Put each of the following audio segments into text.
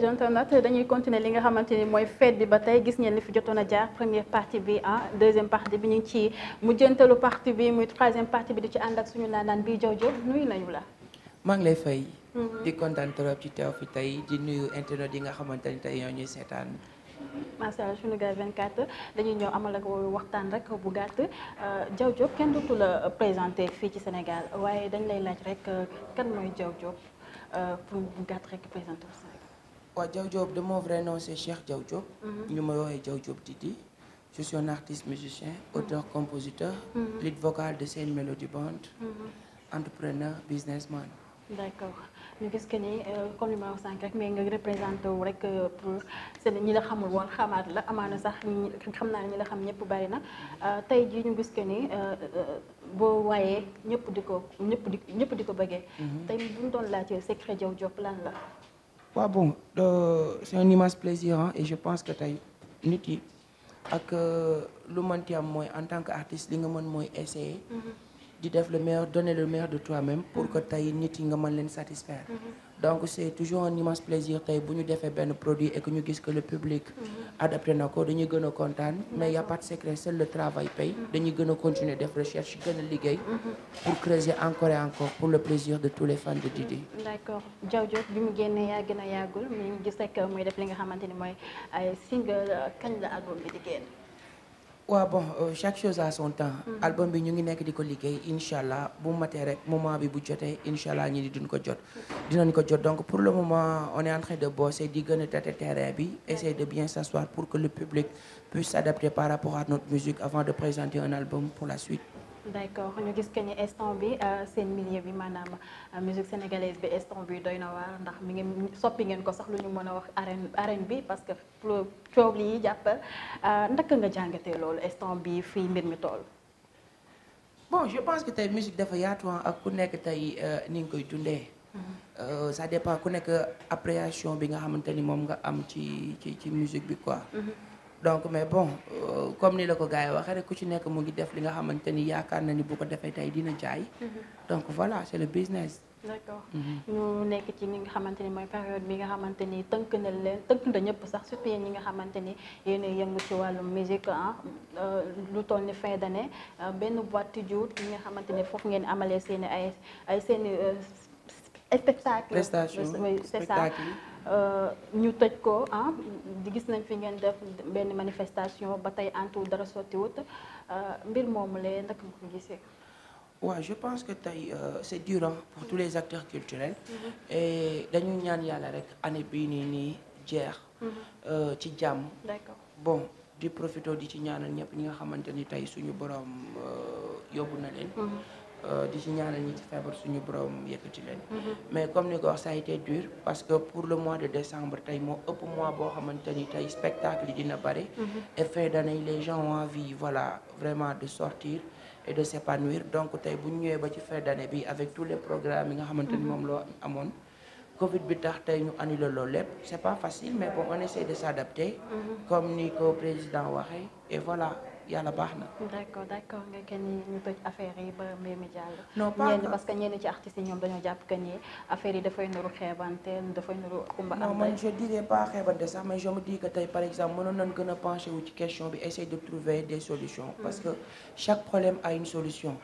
chers internautes dañuy continuer li nga xamante ni mooy fête bi ba tey gis ngeen li fi jotoon a jaar première partie bi ah, deuxième partie bi ñu ngi ci mujjantalu partie bi muy troisième partie bi di ci ànd ak suñu naanaan bii Diaw Diop nuyu nañu la. maa ngi lay fay. Mm-hmm. di kontaan trop ci teew fi tey di nuyu internautes yi nga xamante ni tey ñoo ñuy seetaan. macha allah Sunugal 24 dañuy ñëw amal ak waxtaan rek bu gàtt Diaw euh, Diop kenn dootu la présenté fii ci Sénégal waaye dañ lay laaj rek euh, kan mooy Diaw Diop euh, pour bu gàtt waaw Diaw Diop de mon vrai mhm. ñu may woowee Diaw Diop Didi. je suis un musicien mhm. auteur compositeur. Mhm. lead vocal de Sen Melody Band. entrepreneur businessman. d'accord ñu gis que ni euh, comme li sànq rek mais nga représenté wu rek euh, pour seen ñi la xamul woon xamaat la amaana sax xam naa ñi la xam ñëpp bari na euh, tey jii ñu gis que ni boo waayee ñëpp di ko ñëpp di ñëpp di ko bëggee. tey bu doon laajte secret Diaw Diop la. waa bon c'est un immense plaisir hein, je pense que tey nit yi ak euh, lu manti am mooy en tant que artiste li nga mën mooy essayer. Mm-hmm. di def le meilleur donner le meilleur de toi-même pour que tey nit yi nga mën leen satisfaire mm-hmm. donc c'est toujours un immense plaisir tey bu ñu defee benn produit e que ñu gis ko le public mm-hmm. adapté na ko dañuy gën a kontaan mm-hmm. mais y a pas secret seul le travail paye dañuy gën a continuer def recherche gën a liggéey pour creuser encore et encore pour le plaisir de tous les fans de Didi d'accord Diaw Diop bi mu génnee yaa gën a yàggul mi ngi gis rek def li nga xamante ni mooy ay kañ la album waaw bon euh, chaque chose à son temps. Mm album bi ñu ngi nekk di ko liggéey incha allah bu matee rek moment bi bu jotee incha allah ñi di duñ ko jot. dinañ ko jot donc pour le moment on est en de bosser di gën a tâter terrain bi essayer de bien s'asseoir pour que le public puisse s'adapter par rapport à notre musique avant de présenter un album pour la suite. d' accord ñu gis que ni instant bi euh, seen milieu bi maanaam euh, musique sénégalaise bi instant bi doy na waa ndax mi ngeen soppi ngeen ko sax lu ñu mën a wax arène arène bi parce que coow li yi jàppal euh, ndaka nga jàngatee loolu instant bi fii mbir mi toll. bon je pense que tey musique dafa yaatu ah, ak ku nekk tey ni nga koy dundee. Mhm. ça dépend ku nekk appréciation bi nga xamante ni moom nga am ci ci ci musique bi quoi. Mhm. donc mais bon euh, comme ni la ko gars yi waxee rek ku ci nekk mu ngi def li nga xamante ni yaakaar na ni boo ko defee tey dina jaay. Mhm. donc voilà c'est le business. d'accord mhm. ñu nekk ci li nga xamante ni mooy période bi nga xamante ni tënk na leen tënk na ñëpp sax surtout yéen ñi nga xamante ni yéen a yëngu ci wàllum musique ah euh, lu toll ni fin d'année euh, benn boîte jour yi nga xamante ni foofu ngeen amalee seen ay ay seen i spectacle. prestation c'est Euh, ñu tëj ko ah gis nañ fi ngeen def benn manifestation ba tey antu dara sottiwut euh, mbir moomu lee naka nga ko gisee. waaw je pense que tey euh, c'est dur pour tous les acteurs culturels. Mm-hmm. et dañuy ñaan yàlla rek année bii nii nii jeex. Mm-hmm. ci jàmm. d'accord bon di profité di ci ñaanal ñëpp ñi nga xamante ni tey suñu borom yóbbu na leen. Mm-hmm. Euh, di ci ñaanal ñi ci feebar suñu borom yëkkati leen. Mm-hmm. mais comme ni ko wax ça a été parce que pour le mois de décembre tey moo ëpp mois boo xamante ni tey spectacle yi dina bëri. Mm-hmm. et fin d'année les gens ont envie voilà vraiment de sortir et de s'épanouir donc tey bu ñu ñëwee ba ci fin d'année bi avec tous les programmes yi nga xamante ni mm-hmm. moom loo amoon. Covid bi tax tey ñu annulé loolu lépp c'est pas facile mais bon on essaie de s'adapter mm-hmm. comme ni ko président waxee et voilà yàlla baax na. d'accord d'accord nga kenn ñu tëj affaire yi ba mbir jàll. non pas parce que ñenn ci artistes yi ñoom dañoo jàpp que ni affaire yi dafay nuru xeebante dafay nuru kumba am. non man je dirais pas xeebante sax mais je me dis que tey par exemple mënoon nañ gën a penché wu ci question bi essayer de trouver des solutions. Mm-hmm. parce que chaque problème a une solution.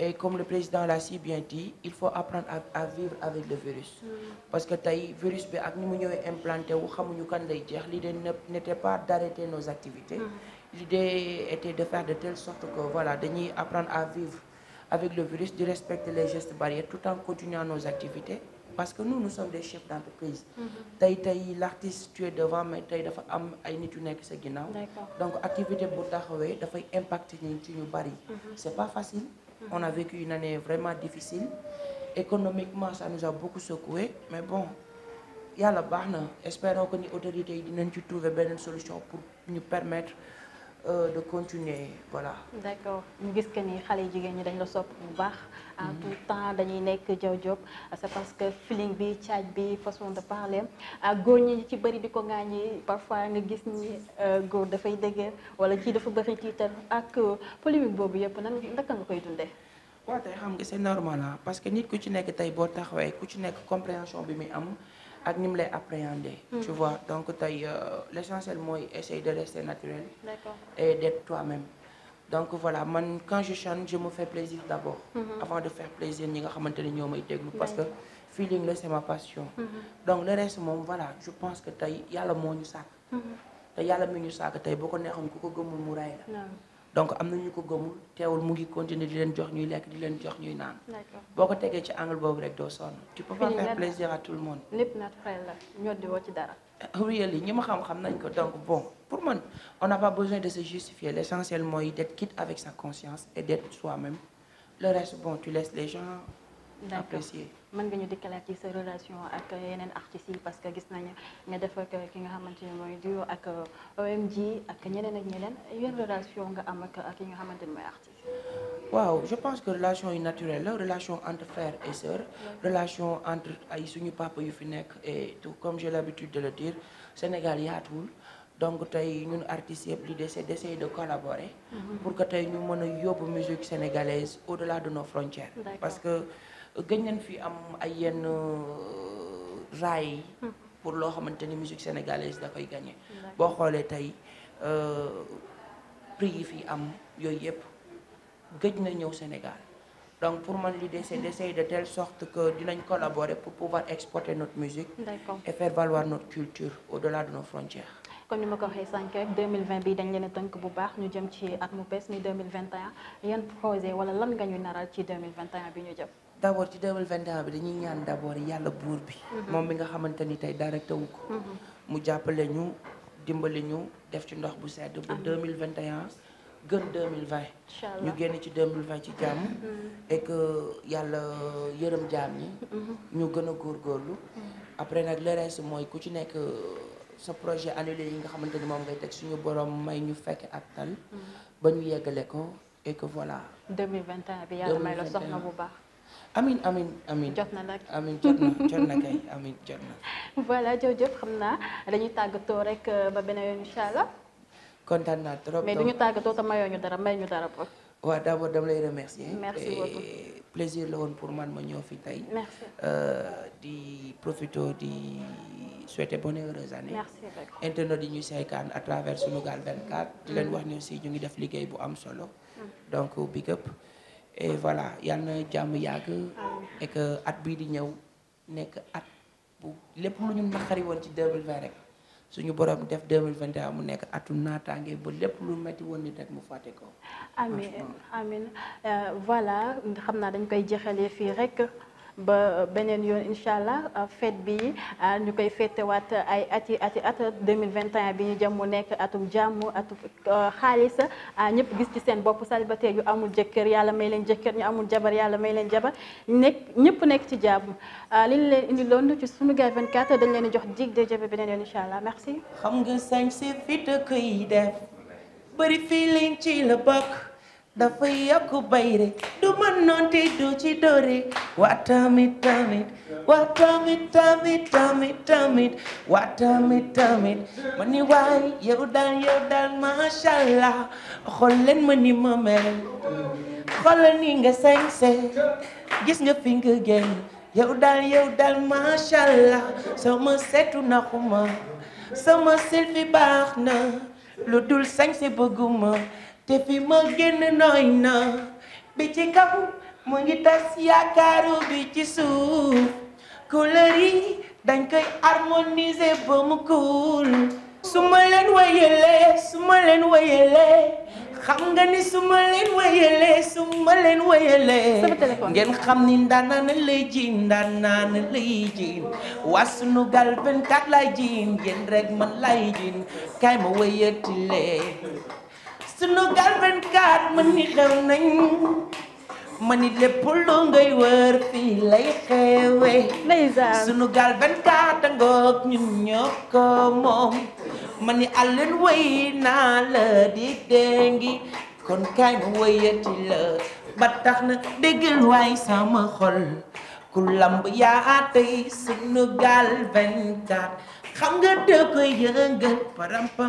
et comme le président l'a si bien dit il faut apprendre à, à vivre avec le virus parce que tey virus bi ak ni mu ñëwee implanté wu xamuñu kan lay jeex l'idée n'était pas d'arrêter nos activités mm-hmm. l'idée était de faire de telle sorte que voilà dañuy apprendre à vivre avec le virus de respecter les gestes barrières tout en continuant nos activités parce que nous nous sommes des chefs d'entreprise mm-hmm. tey tey l'artiste tu es devant mais tey dafa am ay nit yu nekk sa ginnaaw donc activité bu taxawee dafay impacter ñi ci ñu bari mm-hmm. c'est pas facile On a vécu une année vraiment difficile. Économiquement, ça nous a beaucoup secoué. Mais bon, yàlla baax na espérons que ni autorités yi dinañ ci trouver benn solution pour ñu permettre Euh, de continuer voilà. d'accord ñu gis que ni xale yi jigéen ñi dañu la sopp bu baax. en mhm. tout temps dañuy nekk jaw job c'est parce que feeling bi caaj bi façon de parler ak ah, góor ñi ci bëri di ko ŋaañi parfois nga gis ni euh, góor dafay dëgër wala ci dafa bëri tiital ak euh, polémique boobu yëpp nan naka nga koy dundee. waaw tey xam nga c'est normal ah. parce que nit ku ci nekk tey boo taxawee ku ci nekk compréhension bi muy am. ak ni lay appréhender. Mm. tu vois donc tey euh, l' essentiel mooy essayer de rester naturel. d'accord. et d'être toi-même. donc voilà man quand je chante je me fais plaisir d' abord. Mm-hmm. avant de faire plaisir ñi nga xamante ne ñoo may déglu parce que feeling la c' est ma passion. Mm-hmm. donc le reste moom voilà je pense que tey yàlla moo ñu sàkk. Mm-hmm. te yàlla mi ñu sàkk tey boo ko neexoon ku ko gëmul mu ray la. donc am na ñu ko gëmul teewul mu ngi continuer di leen jox ñuy lekk di leen jox ñuy naan. boo ko tegee ci angle boobu rek doo sonn. tu peux pas faire plaisir à tout le monde. lépp naturel la ñor di woo ci dara. yi ñi ma xam xam nañ ko donc bon pour man on n'a pas besoin de se justifier l'essentiel mooy d'être quitte avec sa conscience et d'être soi-même le reste bon tu laisses les gens. apprécié mën nga ñu dikkalaat ci sa relation ak yeneen ci yi parce que gis nañu nga def ak ki nga xamante ne mooy duo ak euh, OMG ak ñeneen ak ñeneen yenn relation nga am ak ak yi nga xamante ne mooy artistes waaw je pense que relation yu naturelle la relation entre frère et sœur relation entre ay suñu papa yu fi nekk et tout comme j'ai l'habitude de le dire Sénégal yaatuwul donc tey ñun artistes yëpp li des d'essayer de collaborer mm-hmm. pour que tey ñu mën a yóbbu musique sénégalaise au de nos frontières parce gëj nañ fi am ay yenn euh, raay yi hmm. pour loo xamante ni musique sénégalaise da koy gagné boo xoolee tey euh, prix yi fi am yooyu yëpp gëj na ñëw Sénégal donc pour man l'idée c'est d'essayer de telle sorte que dinañ collaborer pour pouvoir exporter notre musique et faire valoir notre culture au-delà de nos frontières comme ni ma ko waxee sànq rek 2020 dañ leen tënk bu baax ñu jëm ci at mu bees ni 2021 yan projet wala lan nga ñu naral ci 2021 bi ñu jëm d' abord ci 2021 bi dañuy ñaan d' abord yàlla buur bi. Mm-hmm. moom mi nga xamante ni tey directeur wu ko. Mm-hmm. mu jàppale ñu dimbali ñu def ci ndox bu sedd. bu 2021 gën 2020. ñu génn ci 2020 ci jàmm. Mm-hmm. et que yàlla yërëm jaam ñi. ñu gën a góorlu après nag le reste mooy ku ci nekk. Euh, sa projet annulé yi nga xamante ni moom ngay teg suñu borom may ñu fekk ak tal. ba ñu yeggale ko et que voilà. 2021 bi yàlla may baax. amin amin amin jot na nag amin jot na jot na kay amin jot na. voilà jërëjëf xam naa dañuy tàggatoo rek euh, ba beneen yoon allah. kontaan naa trop mais tàggatoo te mayoo ñu dara may ñu dara ba. waaw d'abord dama lay remercier. merci beaucoup plaisir la woon pour man ma ñëw fi tey. merci euh, di profito di souhaiter bonne heureuse année. merci beaucoup internautes yi ñuy saykaan à travers Sunugal 24. di leen mm. wax ni aussi ñu ngi def liggéey bu am solo. Mm. donc big up. voilà yal na jàmm yàgg. et at bii di ñëw nekk at lépp lu ñu naqari woon ci 2020 rek suñu borom def 2021 mu nekk atu naataange ba lépp lu metti woon nit rek mu fàtte ko. amiin amiin euh, voilà xam naa dañ koy jeexalee fii rek. ba beneen yoon incha allah euh, fête bi euh, ñu koy fêtewaat euh, ay ati ati at 2021 bi ñu jëm nekk atum jàmm atum xaalis ñëpp gis ci seen bopp célibataire yu amul jëkkër yàlla may leen jëkkër ñu amul jabar yàlla may leen jabar nekk ñëpp nekk ci jàmm li ñu leen indi loon ci Sunugal 24 dañ leen di jox dig de jabe beneen yoon incha allah merci. xam nga sañ si fi te koy def bëri feeling ci la bokk. dafa yokk bay re du mën noonte du ci dóore waa tamit tamit waa tamit tamit tamit tamit waa tamit tamit ma ni waay yow daal yow daal macha xool leen ma ni ma mel xoolal ni nga sañse gis nga fi nga génn yow daal yow daal macha sama seetu na sama selfie baax na lu dul sañse bëgguma te fi ma génn nooy na bi ci kaw moo ngi tas yaakaaru bi ci suuf couleur yi dañ koy harmoniser ba mu kuul su ma leen wayelee su ma leen wayelee xam nga ni su ma leen wayelee su ma leen wayelee ngeen xam ni ndaanaan lay jiin ndaanaan lay jiin waa sunu gal 24 lay jiin yéen rek man lay jiin kaay ma wayati Sunugal 24 ma ni xew nañ ma ni lépp lu ngay wër fii lay xewe Sunugal 24 tangoog ñun ñoo ko moom ma ni àllen wëy naa la di déngi kon kaay ma wëyati la ba tax na déggal waay sama xol ku lamb yaa tey Sunugal 24 xam nga da koy yëngal param